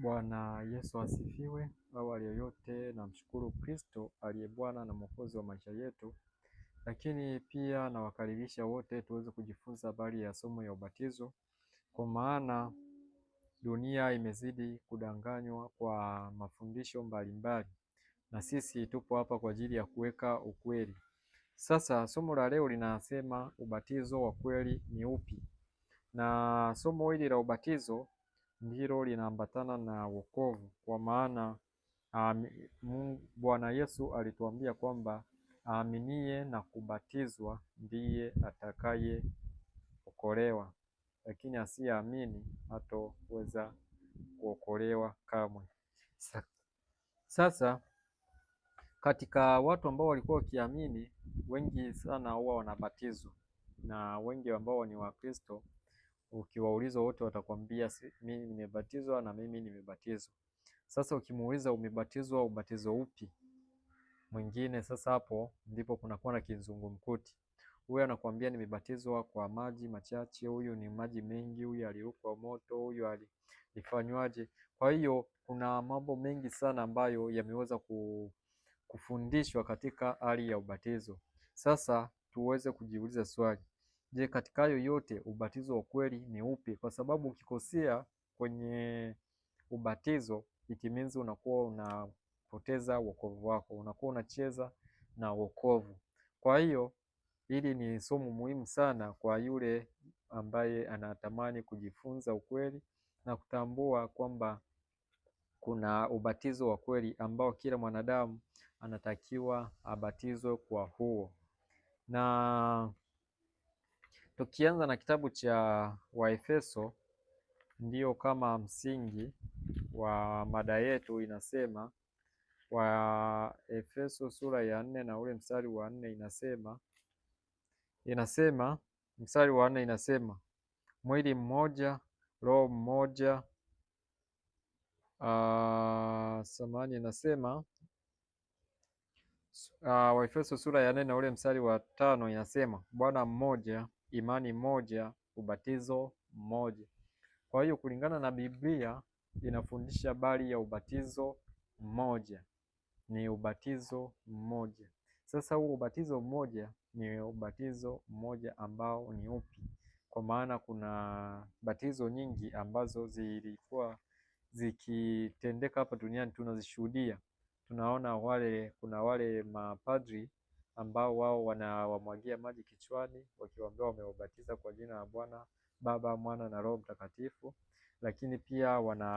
Bwana Yesu asifiwe. Awali yoyote, namshukuru Kristo aliye Bwana na Mwokozi wa maisha yetu, lakini pia nawakaribisha wote tuweze kujifunza habari ya somo ya ubatizo, kwa maana dunia imezidi kudanganywa kwa mafundisho mbalimbali, na sisi tupo hapa kwa ajili ya kuweka ukweli. Sasa somo la leo linasema ubatizo wa kweli ni upi? Na somo hili la ubatizo ndilo linaambatana na wokovu, kwa maana Bwana Yesu alituambia kwamba aaminie na kubatizwa ndiye atakayeokolewa, lakini asiyeamini hatoweza kuokolewa kamwe. Sasa katika watu ambao walikuwa wakiamini wengi sana huwa wanabatizwa na wengi ambao ni Wakristo ukiwauliza wote watakwambia mimi nimebatizwa na mimi nimebatizwa. Sasa ukimuuliza umebatizwa ubatizo upi mwingine, sasa hapo ndipo kunakuwa na kizungumkuti. Huyu anakuambia nimebatizwa kwa maji machache, huyu ni maji mengi, huyu alirukwa moto, huyu alifanywaje. Kwa hiyo kuna mambo mengi sana ambayo yameweza kufundishwa katika hali ya ubatizo. Sasa tuweze kujiuliza swali Je, katika hayo yote ubatizo wa kweli ni upi? Kwa sababu ukikosea kwenye ubatizo itimizi unakuwa unapoteza wokovu wako, unakuwa unacheza na wokovu. Kwa hiyo hili ni somo muhimu sana kwa yule ambaye anatamani kujifunza ukweli na kutambua kwamba kuna ubatizo wa kweli ambao kila mwanadamu anatakiwa abatizwe kwa huo na Tukianza na kitabu cha Waefeso, ndiyo kama msingi wa mada yetu, inasema Waefeso sura ya nne na ule mstari wa nne inasema inasema mstari wa nne inasema mwili mmoja, roho mmoja. Uh, samani inasema uh, Waefeso sura ya nne na ule mstari wa tano inasema Bwana mmoja imani moja, ubatizo mmoja. Kwa hiyo kulingana na Biblia inafundisha habari ya ubatizo mmoja, ni ubatizo mmoja. Sasa huo ubatizo mmoja ni ubatizo mmoja ambao ni upi? Kwa maana kuna batizo nyingi ambazo zilikuwa zikitendeka hapa duniani tunazishuhudia. Tunaona wale kuna wale mapadri ambao wao wanawamwagia maji kichwani wakiwaambia wamewabatiza kwa jina la Bwana, Baba, Mwana na Roho Mtakatifu, lakini pia wana